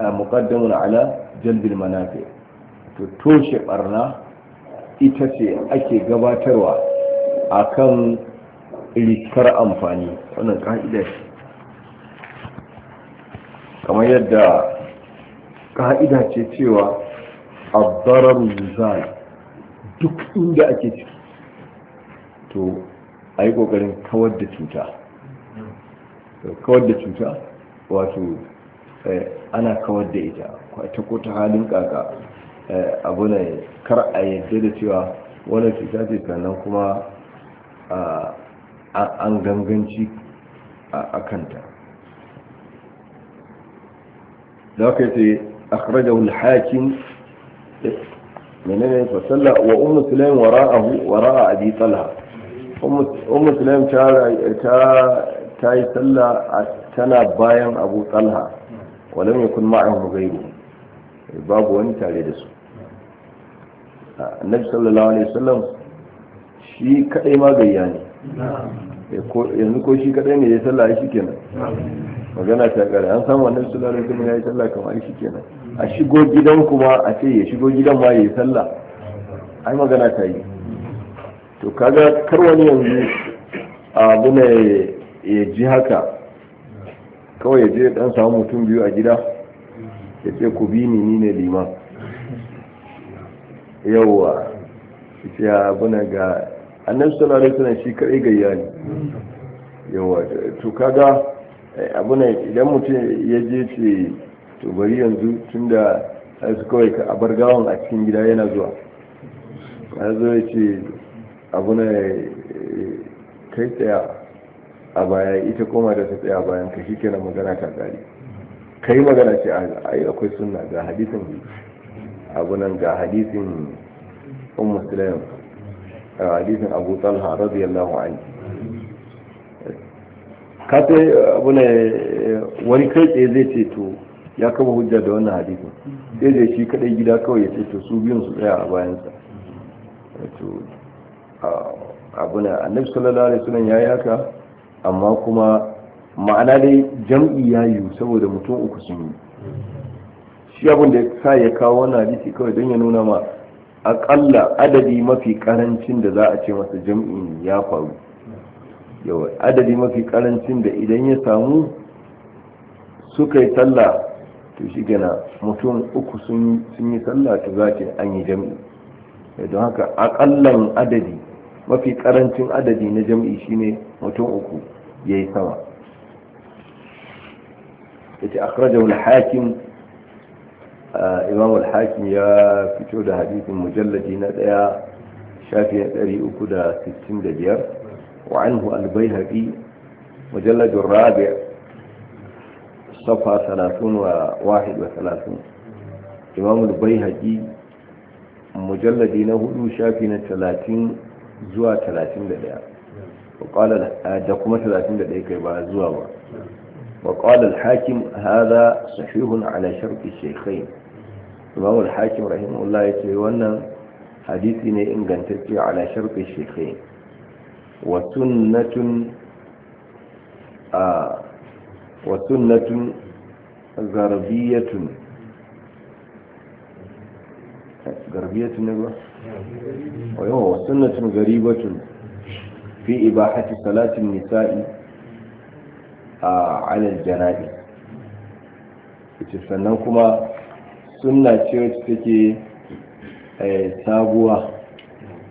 مقدم ala جلب المنافع to toshe ɓarna, ita ce ake gabatarwa a kan rikar amfani wannan ka'ida ce kamar yadda ka'ida ce cewa abdarar zai duk inda ake ciki to a yi kokarin kawar da cuta kawar da cuta wato Eh, ana kawar da ita ta ko ta halin kaka eh, abu ne kar a yadda da cewa wani cuta ce sannan kuma an ganganci a kanta da aka yi akhrajahu hakin hakim menene fasalla wa umar sulaim wara a abi talha umar sulaim ta ta yi salla tana bayan abu tsalla walam yakun ma'ahum ghayru babu wani tare da su annabi sallallahu alaihi wasallam shi kadai ma gayya ne eh, yanzu ko shi kadai ne ya sallah shi kenan magana ta kare an samu annabi sallallahu kuma wasallam ya yi sallah kamar shi kenan a shigo gidan kuma a ce ya shigo gidan ma ya yi sallah ai magana ta yi to kaga kar wani yanzu abu ne ya ji haka kawai je dan samu mutum biyu a gida ya ce ku bi ni ni ne liman yawwa ce ya buna ga annabi sallallahu alaihi wasallam shi kai gayya ne yawwa to kaga eh, abuna idan mutum ya je ce to bari yanzu tunda su kawai ka abar gawan a cikin gida yana zuwa ya zo ya ce abuna eh, kai tsaya a baya ita koma da ta tsaya bayan ka shi kenan magana ta gari ka yi magana ce a yi akwai suna ga hadisin nan ga hadisin ummu a hadisin abu talha radiyallahu anhu ka abu ne wani kai tsaye zai ce to ya kama hujja da wannan hadisin sai zai shi kadai gida kawai ya ce to su biyun su tsaya a bayansa abu ne annabi sallallahu alaihi wasallam yayi haka amma kuma ma'ana dai jam'i ya yiwu saboda mutum uku sun yi shi abin da sa ya kawo wannan hadisi kawai don ya nuna ma akalla adadi mafi karancin da za a ce masa jam'i ya faru yawa adadi mafi karancin da idan ya samu suka yi sallah to shi gana mutum uku sun yi sallah to za ce an yi jam'i eh, don haka akallan adadi mafi karancin adadi na jam'i shine mutum uku yayi sama yace akhrajahu al-hakim ah, imam al-hakim ya fito da hadisin mujalladi na daya shafi 365 wa anhu al-baihaqi mujallad ar-rabi' صفحة ثلاثون وواحد وثلاثون إمام البيهقي na هدو شافين ثلاثين زوا ثلاثين لديه da kuma talatin da ɗaya kai ba zuwa ba wa ƙwalar hakim haza sahihun ala sharfi shekai imam al-hakim ya ce wannan hadisi ne ingantacce ala sharfi shekai wa sunnatun fi ibahati salatin nisa'i a alal jana'i ita sannan kuma sunna ce wacce take sabuwa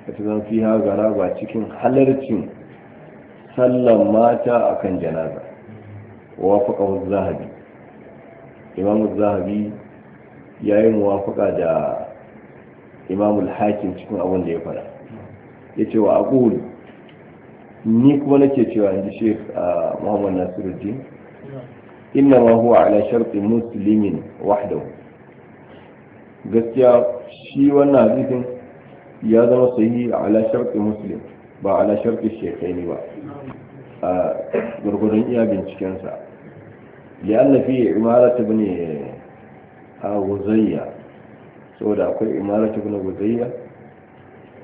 ta zan fi hagara ba cikin halarcin sallan mata akan janaza wa faƙa zahabi imamu zahabi ya yi muwafaka da imamul hakim cikin abin da ya faɗa ya ce wa aqulu ni kuma nake cewa inji Sheikh uh, Muhammad Nasiruddin inna ma huwa ala sharti muslimin wahdahu gaskiya shi wannan hadisin ya zama sahihi ala sharti muslim ba ala sharti ne ba a gurgurun iya bincikensa li'anna fi ta bane a uh, wuzayya saboda akwai ta bane wuzayya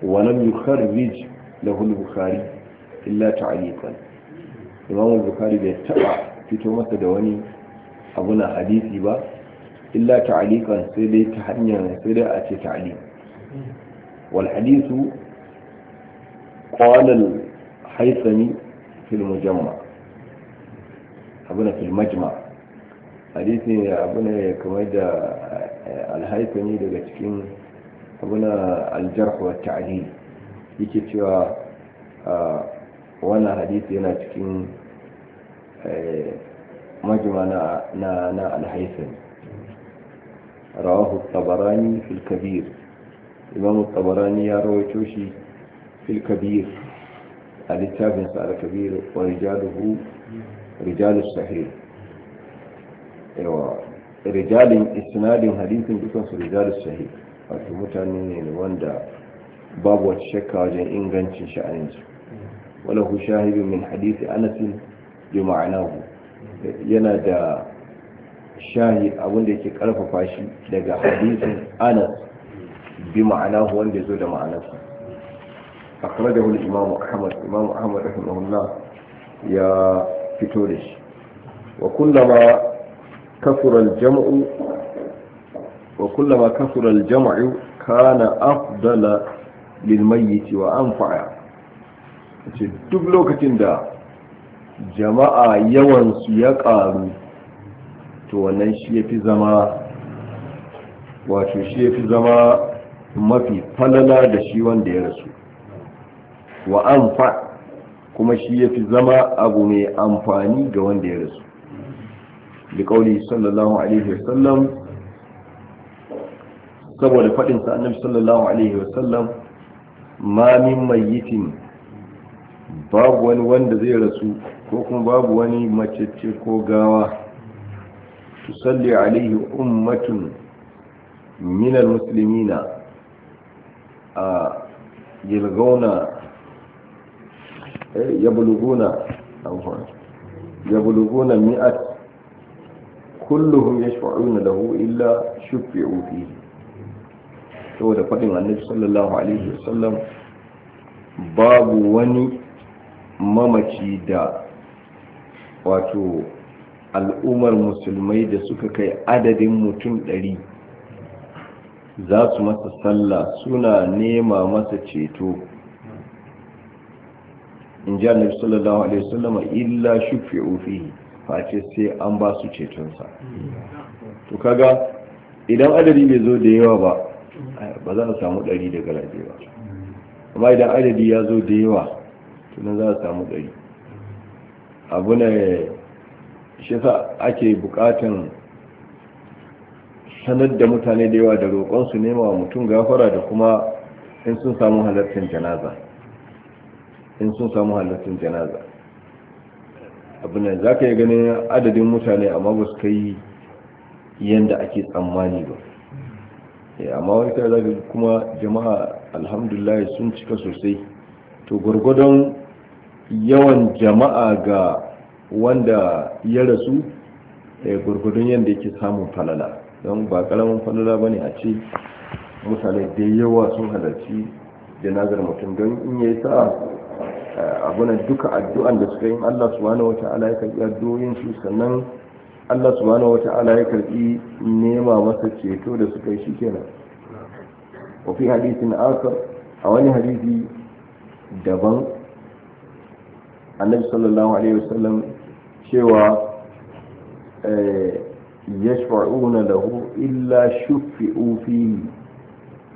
wa lam yukharrij lahu al-bukhari illa ta'aliqan imam bukhari bai taba fito masa da wani abu na hadisi ba illa ta'aliqan sai dai ta hanyar sai dai a ce ta'aliq wal hadisu qala al haythami fil mujamma abuna fil majma hadisi abuna kamar da al haythami daga cikin abuna al jarh wa ta'dil yake cewa wannan hadisi yana cikin majima na na alhaisan rawahu tabarani fil kabir imamu tabarani ya rawaito shi fil kabir a littafin sa al-kabir wa rijaluhu rijalus sahih yawa rijalin isnadin hadisin dukan su rijalus sahih wato mutane ne wanda babu wata shakka wajen ingancin sha'anin su وله شاهد من حديث أنس بمعناه yana da shahid abinda ke karfafa shi daga hadisin anas bi ma'anahu wanda zo da A ma'anarsa akhrajahu al-imam ahmad imam ahmad rahimahullah ya fito da shi wa kullama kasura al-jam'u wa kullama kasura al-jam'u kana afdala lil mayyit wa anfa'a ce duk lokacin da jama'a yawansu ya karu to wannan shi ya fi zama wato shi ya fi zama mafi falala da shi wanda ya rasu wa amfa kuma shi ya fi zama abu mai amfani ga wanda ya rasu da kauli sallallahu alaihi wasallam saboda faɗinsa annabi sallallahu alaihi wasallam ma min mayyitin babu wani wanda zai rasu ko kuma babu wani macece ko gawa su salli alaihi ummatun minal muslimina a yalgauna eh, ya buluguna mi'at kulluhum yashfa'una lahu illa shufi'u fihi saboda faɗin annabi sallallahu alaihi wasallam babu wani mamaci da wato al'ummar musulmai da suka kai adadin mutum ɗari za su masa sallah suna nema masa ceto in ji annabi sallallahu alaihi wasallama illa shufi'u fihi face sai an ba su cetonsa to kaga idan adadi bai zo da yawa ba ba za a samu ɗari daga rabe ba amma idan adadi ya zo da yawa tunan za a samu ɗari abu ne shi sa ake bukatan sanar da mutane da yawa da roƙonsu nema wa mutum gafara da kuma in sun samu halattun janaza in sun samu halattun janaza abu ne za ka yi ganin adadin mutane amma ba su kai yadda ake tsammani ba eh, amma wani kai zafi kuma jama'a alhamdulillah sun cika sosai to gwargwadon yawan jama'a ga wanda ya rasu eh, gurgudun yadda yake samun falala don ba karamin falala ba ne a ce mutane da yawa sun halarci janazar mutum don in ya yi sa'a eh, abunan duka addu'an da suka yi allah wata wata'ala ya karbi addu'o'in su sannan allah subhanahu wata ya karbi nema masa ceto da suka yi shikenan wafi hadisin akar a wani hadisi daban annabi sallallahu alaihi wasallam cewa da eh, hu illa shufi fihi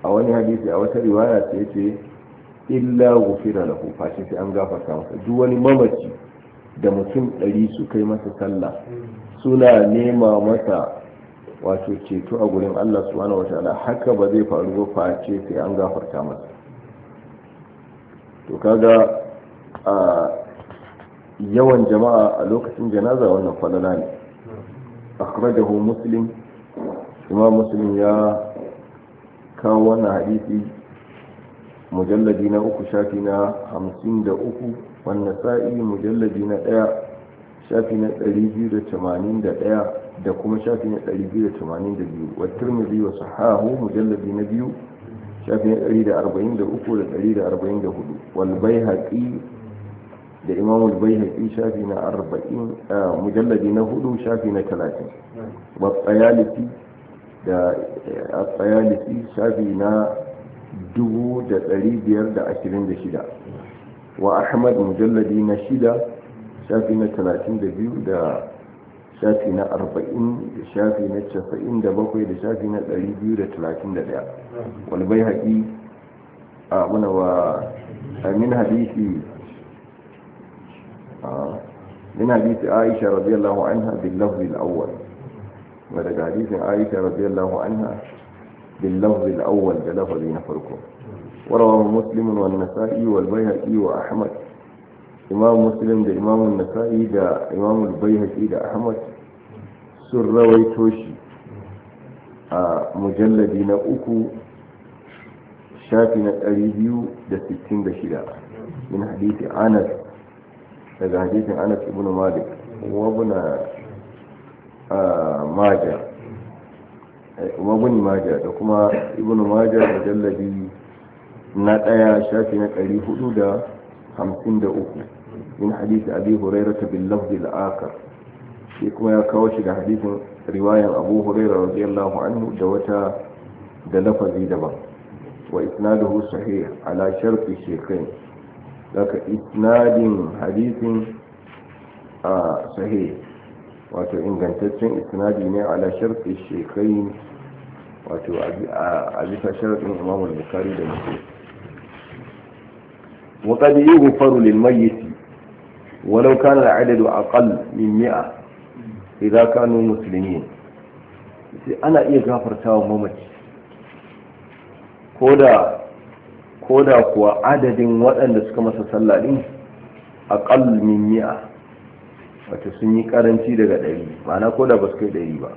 a wani hadisi a wata riwaya ce yace illa gufira lahu fashin sai an gafarta masa duk wani mamaci da mutum ɗari su kai masa sallah suna nema masa wato ceto a gurin Allah subhanahu wataala haka ba zai faru ba face sai an gafarta masa to kaga a yawan jama'a a lokacin janaza wannan falala ne akhrajahu muslim kuma muslim ya kawo wannan hadisi mujalladi na uku shafi na hamsin da uku wannan sa'i mujalladi na ɗaya shafi na ɗari biyu da tamanin da ɗaya da kuma shafi na ɗari biyu da tamanin da biyu wa turmizi wa sahahu mujalladi na biyu shafi na ɗari da arba'in da uku da ɗari da arba'in da hudu wal bai haƙi da imamu bai shafi na arba'in mujalladi na hudu shafi na talatin wa tsayalifi da a shafi na dubu da biyar da ashirin da shida wa ahmad mujalladi na shida shafi na talatin da biyu da shafi na arba'in da shafi na casa'in da bakwai da shafi na ɗari biyu da talatin da ɗaya walbai haƙi a muna wa amin hadisi من حديث عائشة رضي الله عنها باللفظ الأول ولد حديث عائشة رضي الله عنها باللفظ الأول بلفظ نفركم ورواه مسلم والنسائي والبيهقي وأحمد إمام مسلم ده إمام النسائي ده إمام البيهقي ده أحمد سر رويتوشي مجلدين أكو شافنا الأريبيو ده ستين ده شلاء من حديث عنس daga hadisin anas ibn malik wabna ah, maja eh, da kuma ibn maja da jallabi na daya shafi na 453 min hadisi abi hurairata bil lafzi al akhar shi kuma ya kawo shi da hadisin riwayan abu hurairah radiyallahu anhu da wata da lafazi daban wa isnaduhu sahih ala sharti shaykhain daga isnadin hadisin a sahi wato ingantaccen isnadi ne ala sharfi shekai wato a bisa sharfin imamul bukari da mutum وقد يغفر للميت ولو كان العدد أقل من مئة إذا كانوا مسلمين أنا إيه غافر تاو كودا ko da kuwa adadin waɗanda suka masa sallah ɗin aqall min mi'a sun yi karanci daga ɗari mana ko da ba su kai ɗari ba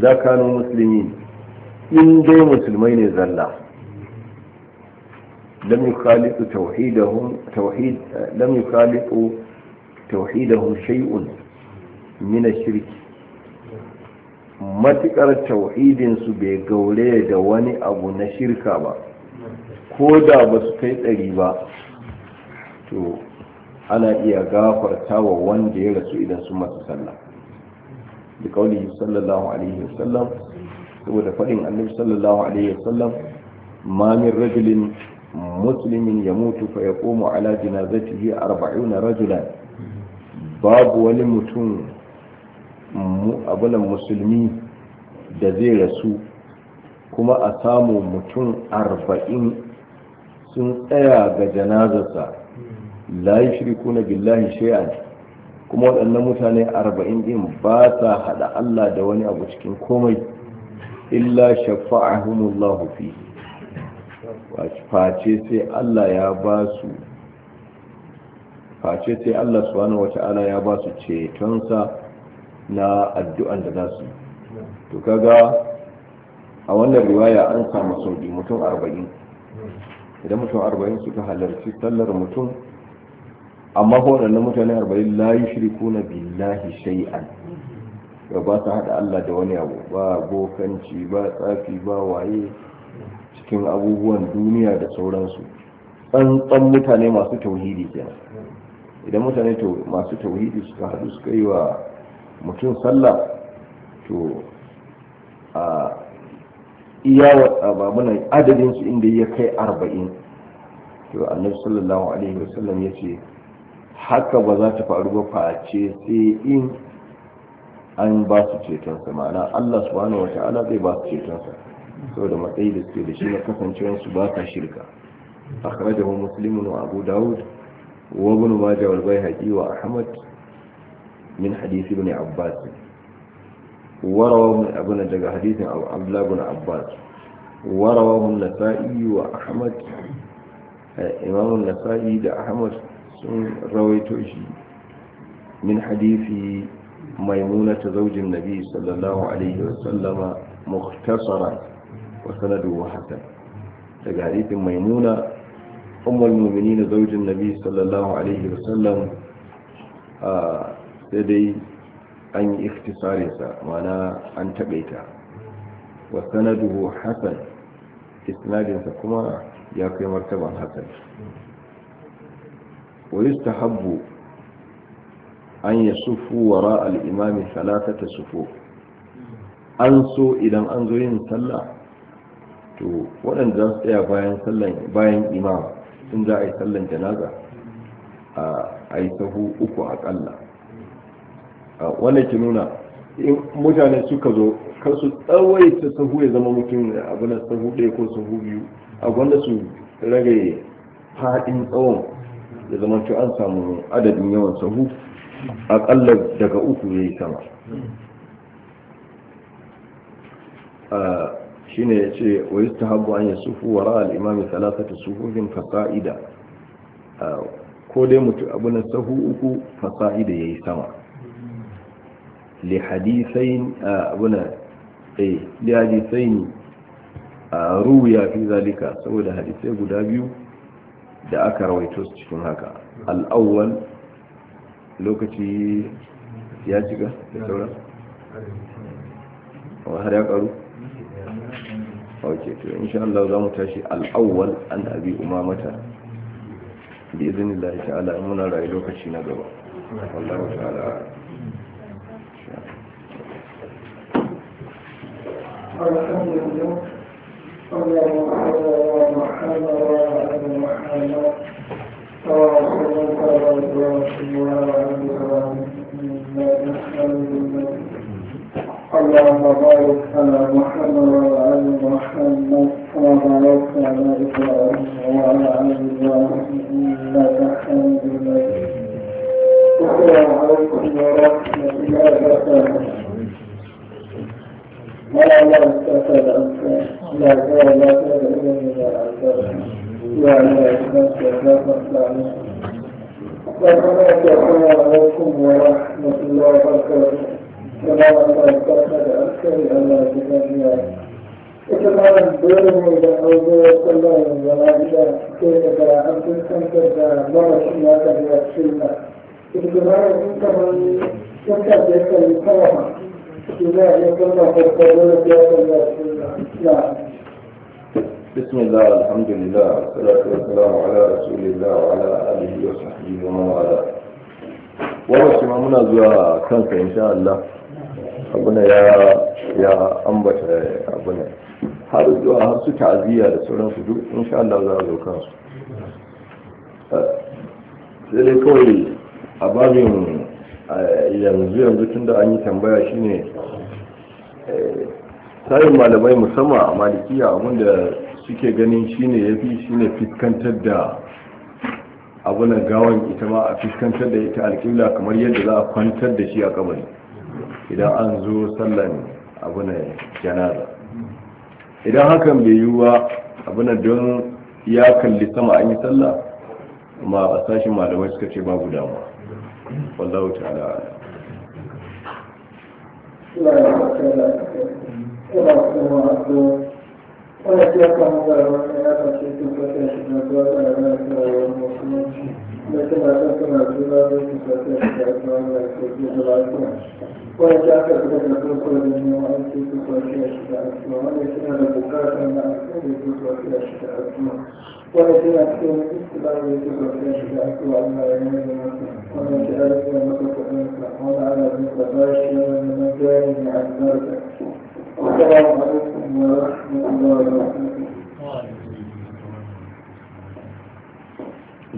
za kanu musulmi in dai musulmai ne zalla lam yi tauhidahum tawhidahun lam shay'un min bai gaure da wani abu na shirka ba ko da ba su kai ɗari ba to ana iya gafarta wa wanda ya rasu idan sun masu sallah da kauli sallallahu alaihi wasallam saboda faɗin annabi sallallahu alaihi wasallam ma min rajulin muslimin mutu fa ya yaqumu ala janazatihi 40 rajulan babu wani mutum abunan musulmi da zai rasu kuma a samu mutum arba'in sun tsaya ga janazarsa la yushriku na billahi shay'an kuma waɗannan mutane arba'in din ba sa haɗa Allah da wani abu cikin komai illa shafa'ahumullahu fi face sai Allah ya ba su Allah ya ba su cetonsa na addu'an da za su to kaga a wannan riwaya an samu sauki mutum arba'in idan mutum arba'in suka halarci sallar mutum amma na mutane arba'in la yi na billahi shay'an ga ba su haɗa Allah da wani abu ba bokanci ba tsafi ba waye cikin abubuwan duniya da sauransu tsantsan mutane masu tauhidi ke idan mutane masu tauhidi suka haɗu suka yi wa mutum sallah to a iya babuna adadin su inda ya kai arba'in to annabi sallallahu alaihi wasallam ya ce haka ba za ta faru ba face sai in an ba su cetonsa ma'ana allah subhanahu wa ta'ala zai ba su cetonsa saboda matsayi da suke da shi na su ba ka shirka da muslimun wa abu dawud wa bin majawar bai haƙi wa ahmad min hadisi ibn abbas warawa mun abu daga hadisin abu ablagun abbas warawa mun nasa'i wa ahmad imamun nasa'i da ahmad sun rawaito shi min hadisi maimuna ta zaujin nabi sallallahu alaihi wasallama wa sanadu wa daga hadisin maimuna ummul mu'minin zaujin nabi sallallahu alaihi wasallam a sai an yi iftisarinsa mana an taɓaita wa duhu hasan isnadinsa kuma ya kai martaban hasan wa habbu an yasufu wara al-imam ta sufu an so idan an zo yin sallah to waɗanda za su tsaya bayan imam in za a yi sallan janaza a yi sahu uku aƙalla wannan ki nuna in mutane suka zo kar su tsawaita sahu ya zama mutum abu na sahu ɗaya ko sahu biyu a wanda su rage faɗin tsawon ya zama to an samu adadin yawan sahu aƙalla daga uku ya yi sama shi ne ya ce wa yi ta habu an yi sufu wa ra'al imami ta sufufin fasa'ida ko dai mutu abu na sahu uku fasa'ida ya yi sama li hadisain abuna eh li saboda hadisai guda biyu da aka rawaito su haka al lokaci ya shiga ya karu insha Allah za mu tashi al-awwal an abi umamata bi idhnillah ta'ala muna rayu lokaci na gaba الحمد لله اللهم صل على محمد وعلى ال محمد كما صليت على وعلى ال ابراهيم انك حميد محمد وعلى ال محمد وعلى ال ابراهيم انك عليكم ورحمه الله ولا الله استغفر أنت لا خير لا خير إلا إذا أنت يا الله استغفر لا تنفعني والسلام عليكم ورحمة الله وبركاته السلام عليكم أكثر أن تكون Ikaman dole ne da auzo kullum jama'a ke daga abin kantar da mawashin ya kan yi a cikin nan. Ikaman in kamar sun kaje kai kawai بسم الله الحمد لله والصلاة والسلام على رسول الله وعلى آله وصحبه ومن والاه wannan shi ma muna zuwa kansa insha Allah abuna ya ya ambata abuna har zuwa har su ta'aziyya da sauransu duk insha Allah za a zo kansu sai dai kawai a babin Eh, yanzu yanzu tun da an yi tambaya shine eh, tsarin malamai musamman a malikiya abinda suke ganin shi ne ya fi ne fiskantar da abunan gawan ita ma a fiskantar da ita alƙibla kamar yadda za a kwantar da shi a kabari idan an zo sallan abunan janaza idan hakan bai yiwuwa abunan don ya kalli sama an yi sallah ma a sashen malamai suka ce babu damuwa wallahu ta'ala wani ta ka da na farko da da da da da ولا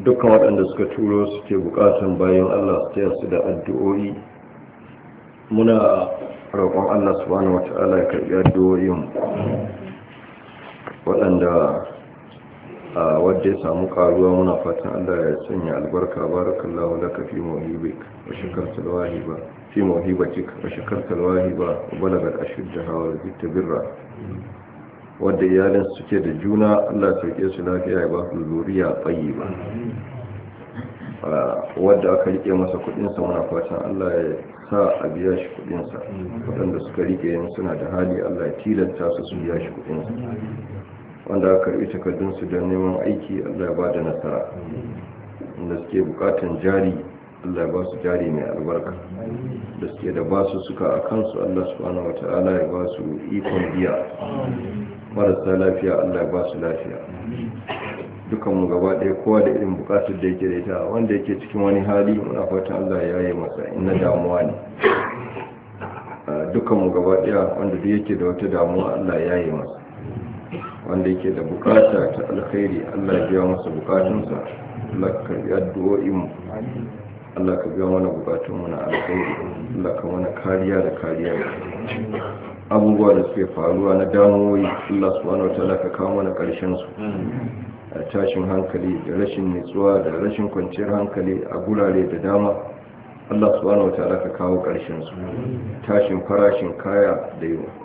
dukkan waɗanda suka turo suke bukatar bayan Allah su taya su da addu'o'i muna roƙon Allah subhanahu wata'ala ya karɓi addu'o'in waɗanda wadda ya samu karuwa muna fatan Allah ya sanya albarka barakallahu laka fi muhibik wa talwahi ba fi muhibatik wa talwahi ba wa ashir ashiddaha wa zikta birra wadda iyalin suke da juna Allah ya sauke su lafiya ya ba su zuriya ba wadda aka rike masa kudinsa muna fatan Allah ya sa a biya shi kudinsa waɗanda suka rike yin suna da hali Allah ya tilasta su su biya shi kudinsa wanda aka karbi takardunsu da neman aiki allah ba da nasara wanda suke bukatan jari allah ba su jari mai albarka da suke da ba su suka a kansu allah subhanahu wata'ala ya ba su ikon biya marasa lafiya allah ya ba su lafiya dukanmu gaba ɗaya kowa da irin bukatar da yake da ita wanda yake cikin wani hali muna fatan allah ya yi masa ina damuwa ne dukanmu gaba ɗaya wanda duk yake da wata damuwa allah ya yi masa wanda yake da bukata ta alkhairi Allah ya biya masa bukatunsa Allah ka karbi addu'o'in Allah ka biya mana bukatun mu na alkhairi Allah ka mana kariya da kariya abubuwa da suke faruwa na damuwoyi Allah subhanahu wataala ka kawo mana karshen su a tashin hankali da rashin nutsuwa da rashin kwanciyar hankali a gurare da dama Allah subhanahu wataala ka kawo karshen su tashin farashin kaya da yawa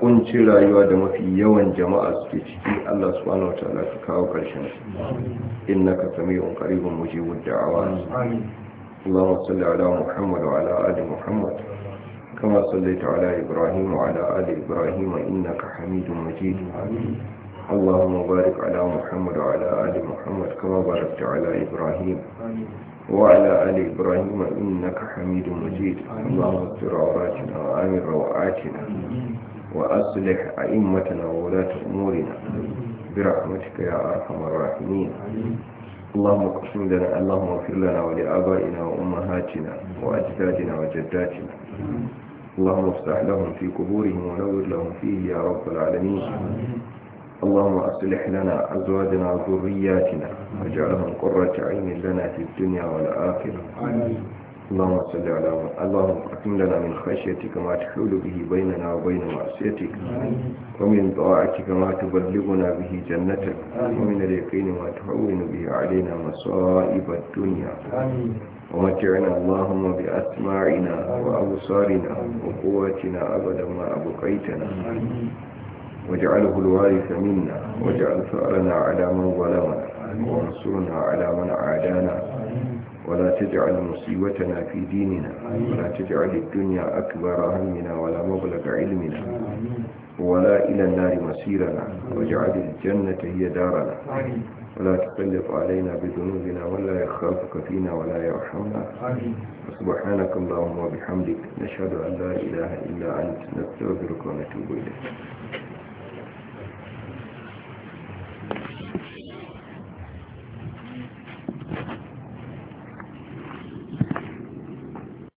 kunci rayuwa da mafi yawan jama'a suke ciki Allah subhanahu wa ta'ala ka kawo karshen su innaka sami'un qaribun mujibud da'awa amin Allahumma salli ala Muhammad wa ala ali Muhammad kama sallaita ala Ibrahim wa ala ali Ibrahim innaka Hamidum Majid amin Ala Ali Muhammad kama وعلى آل Ala Ibrahim. باركت على إبراهيم آمين. وعلى ka إبراهيم إنك حميد مجيد اللهم اغفر عوراتنا Amin روعاتنا وأصلح أئمتنا وولاة أمورنا برحمتك يا أرحم الراحمين اللهم اقسم لنا اللهم اغفر لنا ولآبائنا وأمهاتنا وأجدادنا وجداتنا اللهم افتح لهم في قبورهم ونور لهم فيه يا رب العالمين اللهم أصلح لنا أزواجنا وذرياتنا واجعلهم قرة عين لنا في الدنيا والآخرة اللهم صل على اللهم اكرم لنا من خشيتك ما تحول به بيننا وبين معصيتك ومن طاعتك ما تبلغنا به جنتك ومن اليقين ما تهون به علينا مصائب الدنيا ومتعنا اللهم بأسماعنا وأبصارنا وقوتنا أبدا ما أبقيتنا واجعله الوارث منا واجعل ثأرنا على من ظلمنا وانصرنا على من عادانا ولا تجعل مصيبتنا في ديننا ولا تجعل الدنيا أكبر همنا ولا مبلغ علمنا ولا إلى النار مسيرنا واجعل الجنة هي دارنا ولا تكلف علينا بذنوبنا ولا يخافك فينا ولا يرحمنا سبحانك اللهم وبحمدك نشهد أن لا إله إلا أنت نستغفرك ونتوب إليك